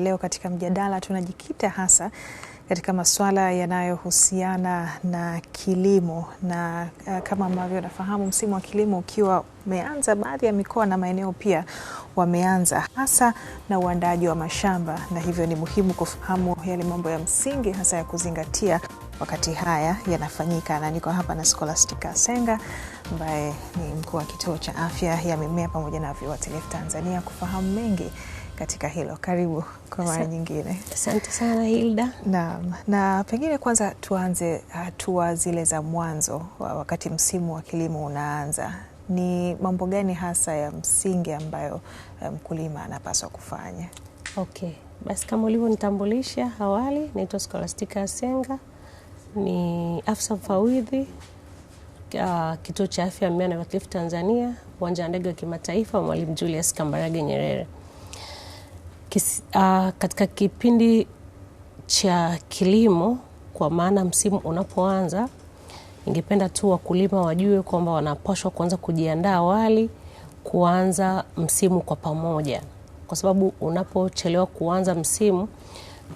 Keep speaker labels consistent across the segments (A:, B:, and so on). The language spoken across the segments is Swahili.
A: Leo katika mjadala tunajikita hasa katika masuala yanayohusiana na kilimo na uh, kama ambavyo nafahamu msimu wa kilimo ukiwa umeanza, baadhi ya mikoa na maeneo pia wameanza hasa na uandaaji wa mashamba, na hivyo ni muhimu kufahamu yale mambo ya msingi hasa ya kuzingatia wakati haya yanafanyika, na niko hapa na Scholastica Senga ambaye ni mkuu wa kituo cha afya ya mimea pamoja na viuatilifu Tanzania kufahamu mengi katika hilo. Karibu kwa mara nyingine.
B: Asante sana Hilda.
A: Naam, na pengine kwanza tuanze ah, hatua zile za mwanzo, wakati msimu wa kilimo unaanza, ni mambo gani hasa ya msingi ambayo eh, mkulima anapaswa kufanya?
B: Okay, basi kama ulivyonitambulisha awali, naitwa Scholastica Asenga, ni afisa mfawidhi uh, kituo cha afya ya mimea na viuatilifu Tanzania, uwanja wa ndege wa kimataifa Mwalimu Julius Kambarage Nyerere kis, uh, katika kipindi cha kilimo kwa maana msimu unapoanza, ningependa tu wakulima wajue kwamba wanapaswa kuanza kujiandaa awali kuanza msimu kwa pamoja, kwa sababu unapochelewa kuanza msimu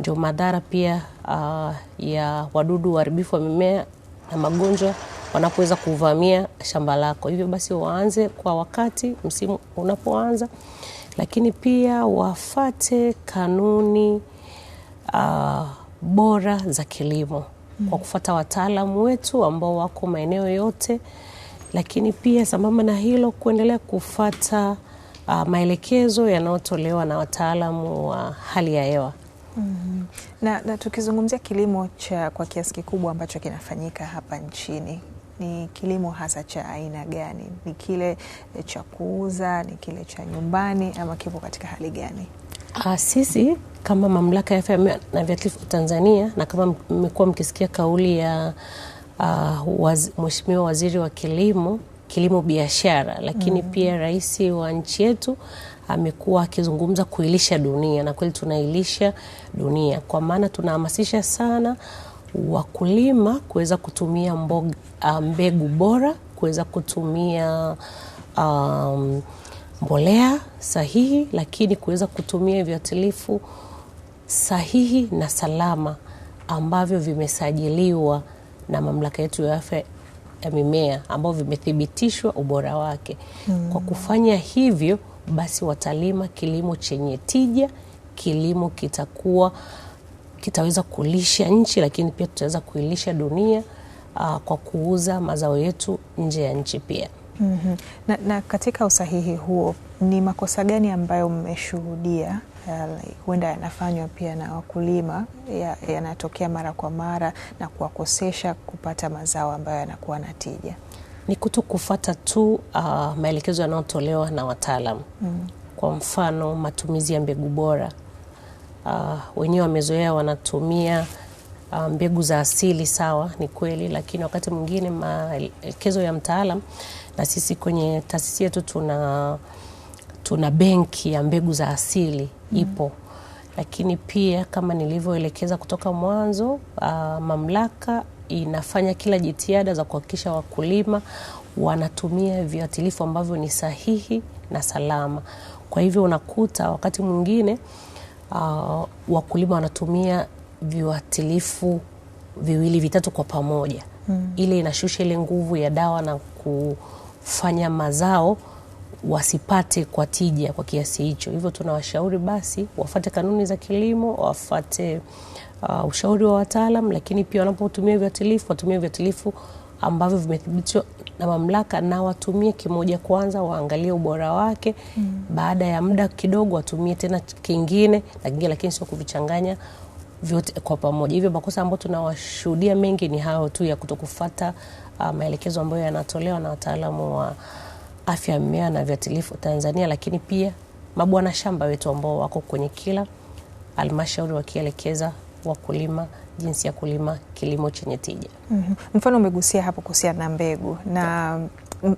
B: ndio madhara pia uh, ya wadudu waharibifu wa mimea na magonjwa wanapoweza kuvamia shamba lako. Hivyo basi waanze kwa wakati msimu unapoanza lakini pia wafate kanuni uh, bora za kilimo mm. kwa kufata wataalamu wetu ambao wako maeneo yote, lakini pia sambamba na hilo kuendelea kufata uh, maelekezo yanayotolewa na wataalamu wa hali ya hewa. Mm
A: -hmm. Na, na tukizungumzia kilimo cha kwa kiasi kikubwa ambacho kinafanyika hapa nchini ni kilimo hasa cha aina gani? Ni kile eh, cha kuuza, ni kile cha nyumbani, ama kipo katika hali gani?
B: Ah, sisi kama mamlaka ya afya na viuatilifu Tanzania, na kama mmekuwa mkisikia kauli ya uh, waz, Mheshimiwa Waziri wa Kilimo kilimo biashara, lakini mm pia rais wa nchi yetu amekuwa akizungumza kuilisha dunia, na kweli tunailisha dunia, kwa maana tunahamasisha sana wakulima kuweza kutumia mboga, ah, mbegu bora kuweza kutumia um, mbolea sahihi, lakini kuweza kutumia viuatilifu sahihi na salama ambavyo vimesajiliwa na mamlaka yetu ya afya ya mimea ambao vimethibitishwa ubora wake. Mm. Kwa hmm. kufanya hivyo basi watalima kilimo chenye tija, kilimo kitakuwa kitaweza kulisha nchi, lakini pia tutaweza kuilisha dunia uh, kwa kuuza mazao yetu nje ya nchi pia. mm
A: -hmm. Na, na katika usahihi huo ni makosa gani ambayo mmeshuhudia eh, huenda uh, yanafanywa pia na wakulima yanatokea ya mara kwa mara na kuwakosesha kupata mazao ambayo yanakuwa na tija?
B: Ni kuto kufata tu uh, maelekezo yanayotolewa na wataalam mm. Kwa mfano matumizi ya mbegu bora uh, wenyewe wamezoea wanatumia uh, mbegu za asili. Sawa, ni kweli, lakini wakati mwingine maelekezo ya mtaalam, na sisi kwenye taasisi yetu tuna tuna benki ya mbegu za asili ipo mm Lakini pia kama nilivyoelekeza kutoka mwanzo uh, mamlaka inafanya kila jitihada za kuhakikisha wakulima wanatumia viuatilifu ambavyo ni sahihi na salama. Kwa hivyo unakuta wakati mwingine uh, wakulima wanatumia viwatilifu viwili vitatu kwa pamoja mm. Ile inashusha ile nguvu ya dawa na kufanya mazao wasipate kwa tija kwa kiasi hicho. Hivyo tunawashauri basi wafate kanuni za kilimo, wafate uh, ushauri wa wataalam, lakini pia wanapotumia viwatilifu watumie viwatilifu ambavyo vimethibitishwa na mamlaka na watumie kimoja kwanza, waangalie ubora wake mm. Baada ya muda kidogo watumie tena kingine na kingine, lakini sio kuvichanganya vyote kwa pamoja. Hivyo makosa ambayo tunawashuhudia mengi ni hayo tu ya kutokufuata uh, maelekezo ambayo yanatolewa na wataalamu wa afya ya mimea na viuatilifu Tanzania, lakini pia mabwana shamba wetu ambao wako kwenye kila halmashauri wakielekeza wakulima jinsi ya kulima kilimo chenye tija. mm
A: -hmm. Mfano umegusia hapo kuhusiana na mbegu na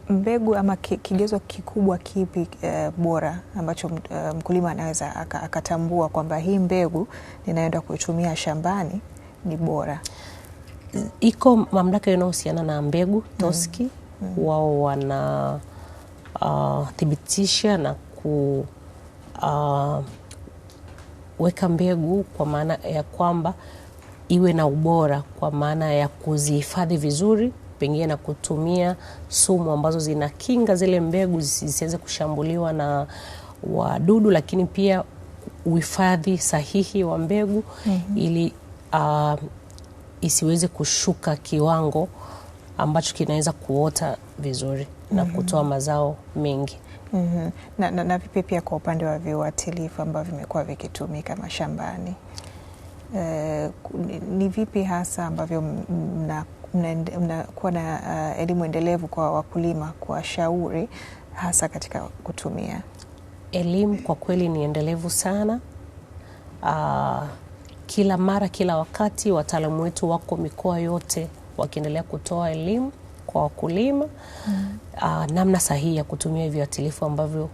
A: mbegu ama kigezo kikubwa kipi uh, bora ambacho uh, mkulima anaweza akatambua kwamba hii mbegu ninayoenda kuitumia shambani ni bora?
B: Iko mamlaka inayohusiana na mbegu mhm. TOSCI. mm -hmm. Wao wanathibitisha ah, uh, na ku uh, weka mbegu kwa maana ya kwamba iwe na ubora, kwa maana ya kuzihifadhi vizuri pengine na kutumia sumu ambazo zinakinga zile mbegu zisiweze kushambuliwa na wadudu, lakini pia uhifadhi sahihi wa mbegu mm -hmm. ili uh, isiweze kushuka kiwango ambacho kinaweza kuota vizuri na mm -hmm. kutoa mazao mengi mm
A: -hmm. Na, na, na vipi pia kwa upande wa viuatilifu ambavyo vimekuwa vikitumika mashambani e, ni vipi hasa ambavyo mnakuwa na uh, elimu endelevu kwa wakulima kuwashauri hasa katika kutumia?
B: Elimu kwa kweli ni endelevu sana. Uh, kila mara kila wakati wataalamu wetu wako mikoa yote wakiendelea kutoa elimu kwa wakulima mm. Uh, namna sahihi ya kutumia viuatilifu ambavyo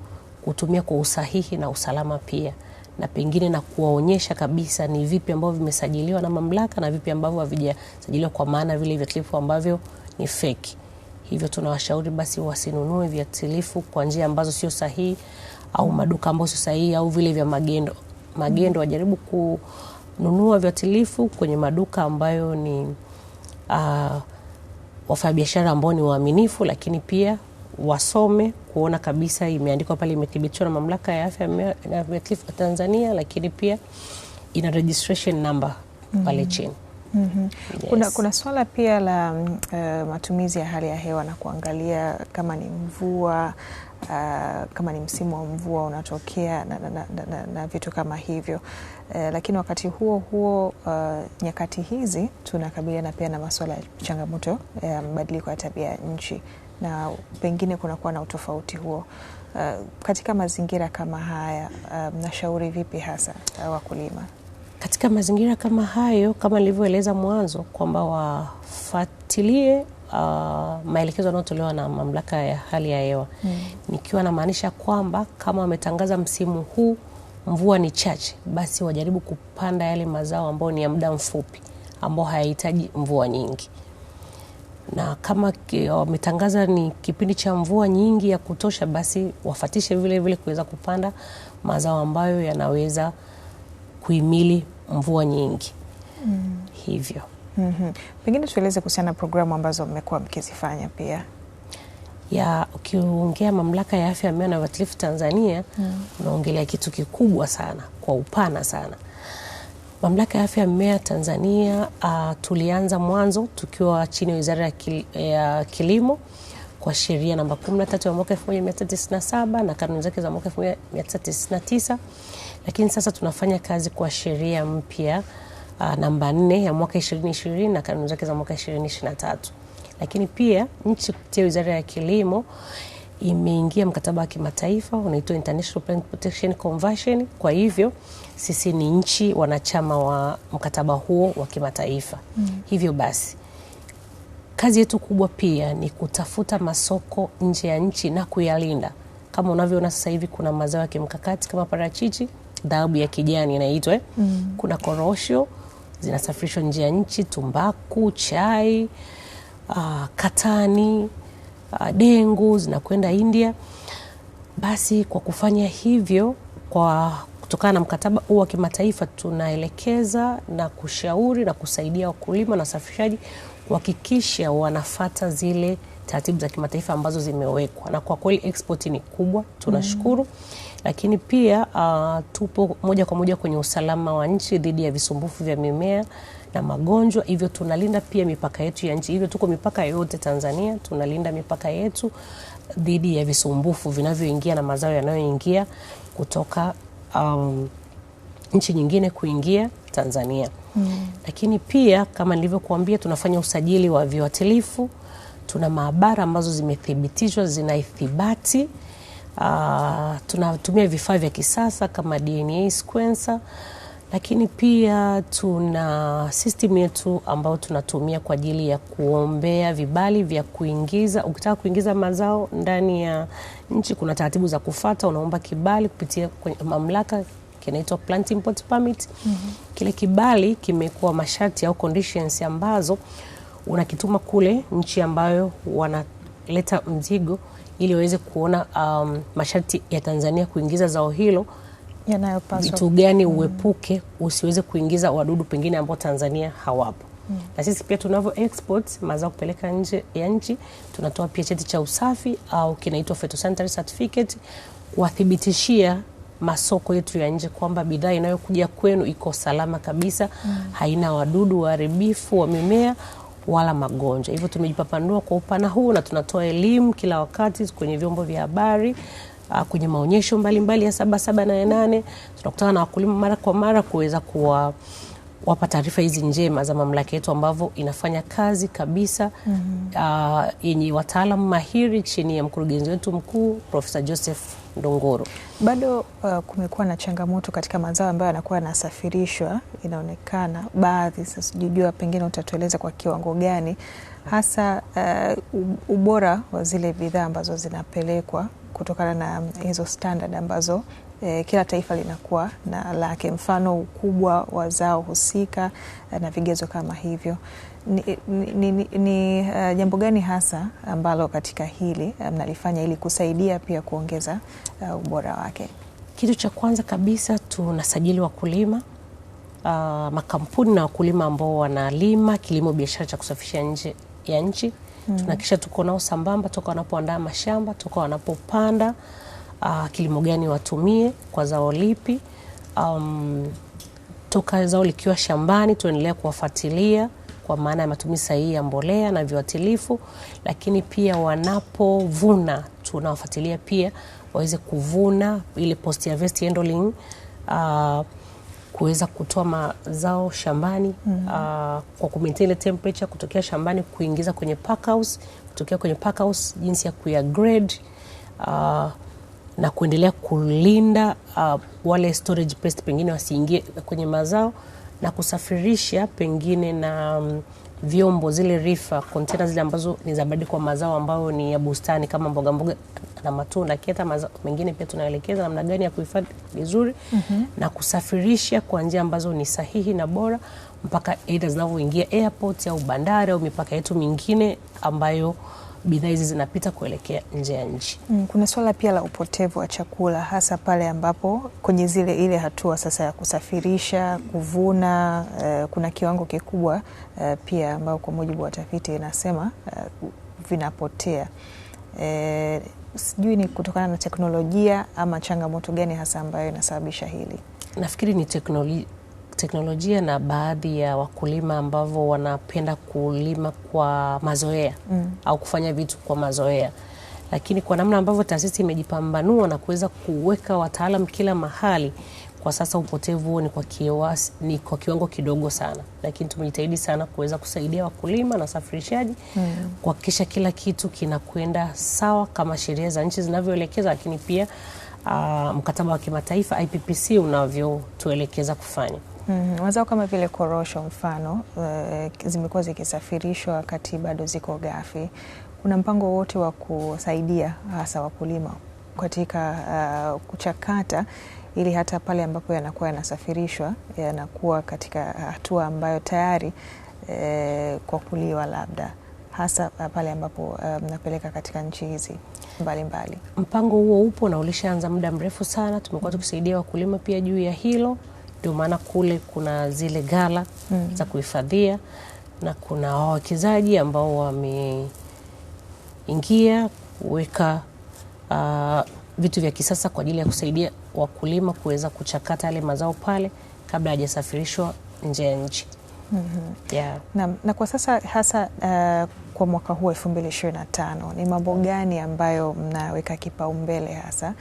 B: kutumia kwa usahihi na usalama pia na pengine na kuwaonyesha kabisa ni vipi ambavyo vimesajiliwa na mamlaka na vipi ambavyo havijasajiliwa, kwa maana vile viuatilifu ambavyo ni feki. Hivyo tunawashauri basi wasinunue viuatilifu kwa njia ambazo sio sahihi au maduka ambayo sio sahihi au vile vya magendo. Magendo mm. wajaribu kununua viuatilifu kwenye maduka ambayo ni uh, wafanyabiashara ambao ni waaminifu, lakini pia wasome kuona kabisa imeandikwa pale, imethibitishwa na Mamlaka ya Afya ya Tanzania, lakini pia ina registration number pale mm. chini mm
A: -hmm. Yes. Kuna, kuna swala pia la uh, matumizi ya hali ya hewa na kuangalia kama ni mvua uh, kama ni msimu wa mvua unatokea na, na, na, na, na vitu kama hivyo uh, lakini wakati huo huo uh, nyakati hizi tunakabiliana pia na masuala ya changamoto ya uh, mabadiliko ya tabia ya nchi na pengine kunakuwa na utofauti huo. Uh, katika mazingira kama haya uh, mnashauri vipi hasa uh, wakulima?
B: Katika mazingira kama hayo, kama nilivyoeleza mwanzo kwamba wafuatilie Uh, maelekezo yanayotolewa na mamlaka ya hali ya hewa mm. Nikiwa namaanisha kwamba kama wametangaza msimu huu mvua ni chache, basi wajaribu kupanda yale mazao ambayo ni ya muda mfupi ambao hayahitaji mvua nyingi, na kama wametangaza ni kipindi cha mvua nyingi ya kutosha, basi wafatishe vile vile kuweza kupanda mazao ambayo yanaweza kuhimili mvua nyingi mm. hivyo mm
A: -hmm. Pengine tueleze kuhusiana na programu ambazo mmekuwa mkizifanya pia
B: ya ukiongea mamlaka ya afya ya meno na viuatilifu Tanzania mm. unaongelea kitu kikubwa sana kwa upana sana. Mamlaka ya afya ya mimea Tanzania uh, tulianza mwanzo tukiwa chini ya Wizara ya Kilimo kwa sheria namba 13 ya mwaka 1997 na kanuni zake za mwaka 1999 lakini sasa tunafanya kazi kwa sheria mpya uh, namba nne ya mwaka 2020 na kanuni zake za mwaka 2023. Lakini pia nchi kupitia Wizara ya Kilimo imeingia mkataba wa kimataifa unaitwa International Plant Protection Convention. Kwa hivyo sisi ni nchi wanachama wa mkataba huo wa kimataifa. Mm. Hivyo basi kazi yetu kubwa pia ni kutafuta masoko nje ya nchi na kuyalinda. Kama unavyoona sasa hivi kuna mazao ya kimkakati kama parachichi dhahabu ya kijani inaitwa mm. Kuna korosho zinasafirishwa nje ya nchi, tumbaku, chai, uh, katani, uh, dengu zinakwenda India. Basi kwa kufanya hivyo, kwa kutokana na mkataba huu wa kimataifa, tunaelekeza na kushauri na kusaidia wakulima na wasafirishaji kuhakikisha wanafata zile taratibu za kimataifa ambazo zimewekwa, na kwa kweli export ni kubwa, tunashukuru mm lakini pia uh, tupo moja kwa moja kwenye usalama wa nchi dhidi ya visumbufu vya mimea na magonjwa, hivyo tunalinda pia mipaka yetu ya nchi. Hivyo tuko mipaka yote Tanzania, tunalinda mipaka yetu dhidi ya visumbufu vinavyoingia na mazao yanayoingia kutoka um, nchi nyingine kuingia Tanzania. Mm. Lakini pia kama nilivyokuambia, tunafanya usajili wa viuatilifu. Tuna maabara ambazo zimethibitishwa zina ithibati Uh, tunatumia vifaa vya kisasa kama DNA sequencer, lakini pia tuna system yetu ambayo tunatumia kwa ajili ya kuombea vibali vya kuingiza. Ukitaka kuingiza mazao ndani ya nchi, kuna taratibu za kufata. Unaomba kibali kupitia kwenye mamlaka kinaitwa Plant Import Permit. Mm -hmm. Kile kibali kimekuwa masharti au conditions ambazo unakituma kule nchi ambayo wanaleta mzigo ili waweze kuona um, masharti ya Tanzania kuingiza zao hilo yanayopaswa, vitu gani uepuke usiweze kuingiza wadudu pengine ambao Tanzania hawapo. Hmm. Na sisi pia tunavyo export mazao kupeleka nje ya nchi, tunatoa pia cheti cha usafi au kinaitwa phytosanitary certificate kuwathibitishia masoko yetu ya nje kwamba bidhaa inayokuja kwenu iko salama kabisa, hmm, haina wadudu waharibifu wa mimea wala magonjwa. Hivyo tumejipapanua kwa upana huu na tunatoa elimu kila wakati kwenye vyombo vya habari ah, kwenye maonyesho mbalimbali ya saba saba na nane. Tunakutana na wakulima mara kwa mara kuweza kuwa wapa taarifa hizi njema za mamlaka yetu ambavyo inafanya kazi kabisa mm -hmm. Uh, yenye wataalamu mahiri chini ya mkurugenzi wetu mkuu Profesa Joseph Ndunguru.
A: Bado uh, kumekuwa na changamoto katika mazao ambayo yanakuwa yanasafirishwa, inaonekana baadhi. Sasa sijajua, pengine utatueleza kwa kiwango gani hasa uh, ubora wa zile bidhaa ambazo zinapelekwa kutokana na um, hizo standard ambazo e, kila taifa linakuwa na lake, mfano ukubwa wa zao husika eh, na vigezo kama hivyo. Ni, ni, ni, ni uh, jambo gani hasa ambalo katika hili mnalifanya um, ili kusaidia pia kuongeza uh, ubora wake?
B: Kitu cha kwanza kabisa tunasajili wakulima uh, makampuni na wakulima ambao wanalima kilimo biashara cha kusafisha nje ya nchi mm -hmm. Tunahakikisha tuko nao sambamba toka wanapoandaa mashamba toka wanapopanda uh, kilimo gani watumie kwa zao lipi. Um, toka zao likiwa shambani tuendelea kuwafuatilia kwa maana ya matumizi sahihi ya mbolea na viwatilifu lakini pia wanapovuna tunawafuatilia pia waweze kuvuna ile post harvest handling uh, kuweza kutoa mazao shambani mm -hmm. uh, kwa ku temperature kutokea shambani kuingiza kwenye pack kutokea kwenye pack jinsi ya kuya grade uh, na kuendelea kulinda uh, wale storage pest pengine wasiingie kwenye mazao na kusafirisha pengine na um, vyombo zile rifa kontena zile ambazo ni za baridi kwa mazao ambayo ni ya bustani kama mboga mboga na matunda, lakini hata mazao mengine pia tunaelekeza namna gani ya kuhifadhi vizuri mm -hmm. na kusafirisha kwa njia ambazo ni sahihi na bora mpaka aidha zinavyoingia airport au bandari au mipaka yetu mingine ambayo bidhaa hizi zinapita kuelekea nje ya nchi.
A: Mm, kuna swala pia la upotevu wa chakula hasa pale ambapo kwenye zile ile hatua sasa ya kusafirisha, kuvuna, uh, kuna kiwango kikubwa uh, pia ambao kwa mujibu wa tafiti inasema uh, vinapotea uh, sijui ni kutokana na teknolojia ama changamoto gani hasa ambayo inasababisha hili?
B: Nafikiri ni teknolojia teknolojia na baadhi ya wakulima ambavyo wanapenda kulima kwa mazoea mm. au kufanya vitu kwa mazoea, lakini kwa namna ambavyo taasisi imejipambanua na kuweza kuweka wataalam kila mahali, kwa sasa upotevu huo ni kwa, kiwasi, ni kwa kiwango kidogo sana, lakini tumejitahidi sana kuweza kusaidia wakulima na wasafirishaji mm. kuhakikisha kila kitu kinakwenda sawa kama sheria za nchi zinavyoelekeza, lakini pia Uh, mkataba wa kimataifa IPPC unavyotuelekeza kufanya.
A: Mm, mazao kama vile korosho mfano uh, zimekuwa zikisafirishwa wakati bado ziko ghafi. Kuna mpango wote wa kusaidia hasa wakulima katika uh, kuchakata ili hata pale ambapo yanakuwa yanasafirishwa yanakuwa katika hatua ambayo tayari eh, kwa kuliwa labda hasa pale ambapo eh, mnapeleka um, katika nchi hizi mbalimbali.
B: Mpango huo upo na ulishaanza muda mrefu sana, tumekuwa tukisaidia wakulima pia juu ya hilo. Ndio maana kule kuna zile gala mm. za kuhifadhia na kuna wawekezaji ambao wameingia kuweka uh, vitu vya kisasa kwa ajili ya kusaidia wakulima kuweza kuchakata yale mazao pale kabla hajasafirishwa nje ya nchi. Mm
A: -hmm. Yeah. Na, na kwa sasa hasa uh, kwa mwaka huu 2025 ni mambo hmm. gani ambayo mnaweka kipaumbele hasa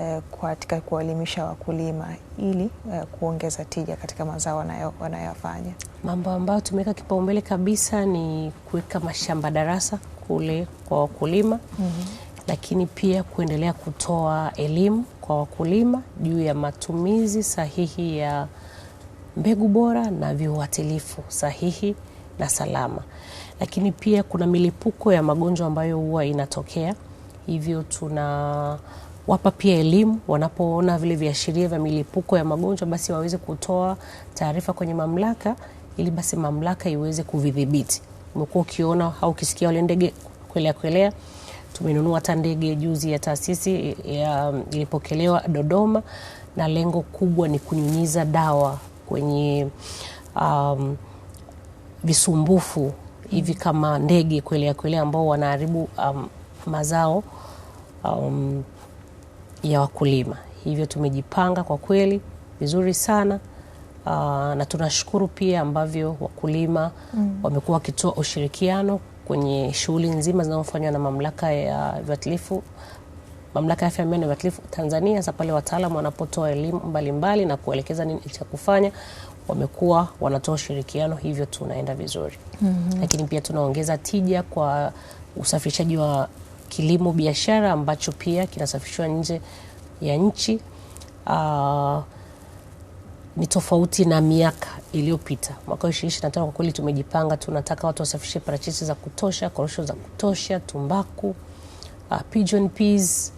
A: Eh, katika kuwaelimisha wakulima ili eh, kuongeza tija katika mazao wanayofanya.
B: Mambo ambayo tumeweka kipaumbele kabisa ni kuweka mashamba darasa kule kwa wakulima mm -hmm. Lakini pia kuendelea kutoa elimu kwa wakulima juu ya matumizi sahihi ya mbegu bora na viuatilifu sahihi na salama. Lakini pia kuna milipuko ya magonjwa ambayo huwa inatokea, hivyo tuna kuwapa pia elimu wanapoona vile viashiria vya milipuko ya magonjwa, basi waweze kutoa taarifa kwenye mamlaka ili basi mamlaka iweze kuvidhibiti. Umekuwa ukiona au ukisikia wale ndege kwelea kwelea. Tumenunua hata ndege juzi ya taasisi e, ya ilipokelewa Dodoma, na lengo kubwa ni kunyunyiza dawa kwenye um, visumbufu hivi kama ndege kwelea kwelea ambao wanaharibu um, mazao um, ya wakulima. Hivyo tumejipanga kwa kweli vizuri sana uh, na tunashukuru pia ambavyo wakulima mm. wamekuwa wakitoa ushirikiano kwenye shughuli nzima zinazofanywa na mamlaka ya viuatilifu mamlaka ya afya ya viuatilifu Tanzania. Sasa pale wataalamu wanapotoa elimu mbalimbali na kuelekeza nini cha kufanya, wamekuwa wanatoa ushirikiano, hivyo tunaenda vizuri mm -hmm. Lakini pia tunaongeza tija kwa usafirishaji wa kilimo biashara ambacho pia kinasafishwa nje ya nchi. Uh, ni tofauti na miaka iliyopita. Mwaka 2025 kwa kweli tumejipanga, tunataka watu wasafishe parachichi za kutosha, korosho za kutosha, tumbaku, uh, pigeon peas,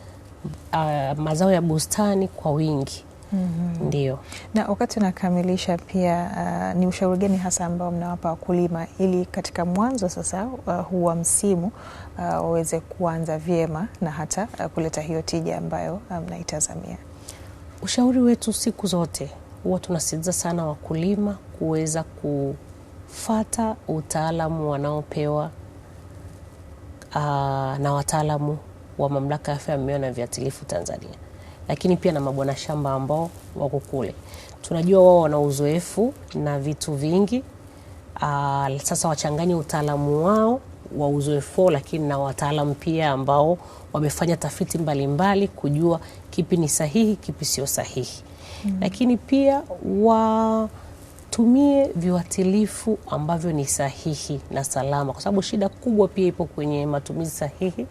B: uh, mazao ya bustani kwa wingi mm -hmm. Ndio.
A: Na wakati unakamilisha pia, uh, ni ushauri gani hasa ambao mnawapa wakulima ili katika mwanzo sasa uh, huu wa msimu uh, waweze kuanza vyema na hata uh, kuleta hiyo tija ambayo uh, mnaitazamia? Um,
B: ushauri wetu siku zote huwa tunasisitiza sana wakulima kuweza kufata utaalamu wanaopewa uh, na wataalamu wa Mamlaka ya Afya ya Mimea na Viuatilifu Tanzania lakini pia na mabwana shamba ambao wako kule. Tunajua wao wana uzoefu na vitu vingi. Aa, ah, sasa wachanganye utaalamu wao wa uzoefu, lakini na wataalamu pia ambao wamefanya tafiti mbalimbali mbali, kujua kipi ni sahihi, kipi sio sahihi mm. Lakini pia tumie viuatilifu ambavyo ni sahihi na salama, kwa sababu shida kubwa pia ipo kwenye matumizi sahihi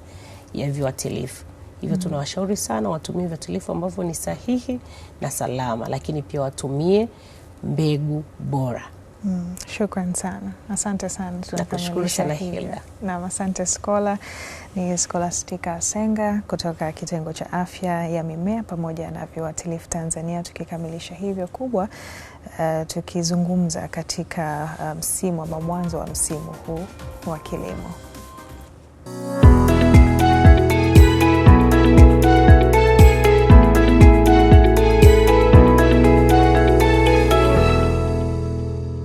B: ya viuatilifu. Hivyo mm -hmm. tunawashauri sana watumie viuatilifu ambavyo ni sahihi na salama, lakini pia watumie mbegu bora.
A: Mm, shukran sana, asante sana, tunakushukuru sana Hilda. Naam, asante Skola. Ni Skolastika Senga kutoka kitengo cha afya ya mimea pamoja na viuatilifu Tanzania, tukikamilisha hivyo kubwa uh, tukizungumza katika eh, msimu um, ama mwanzo wa msimu huu wa kilimo.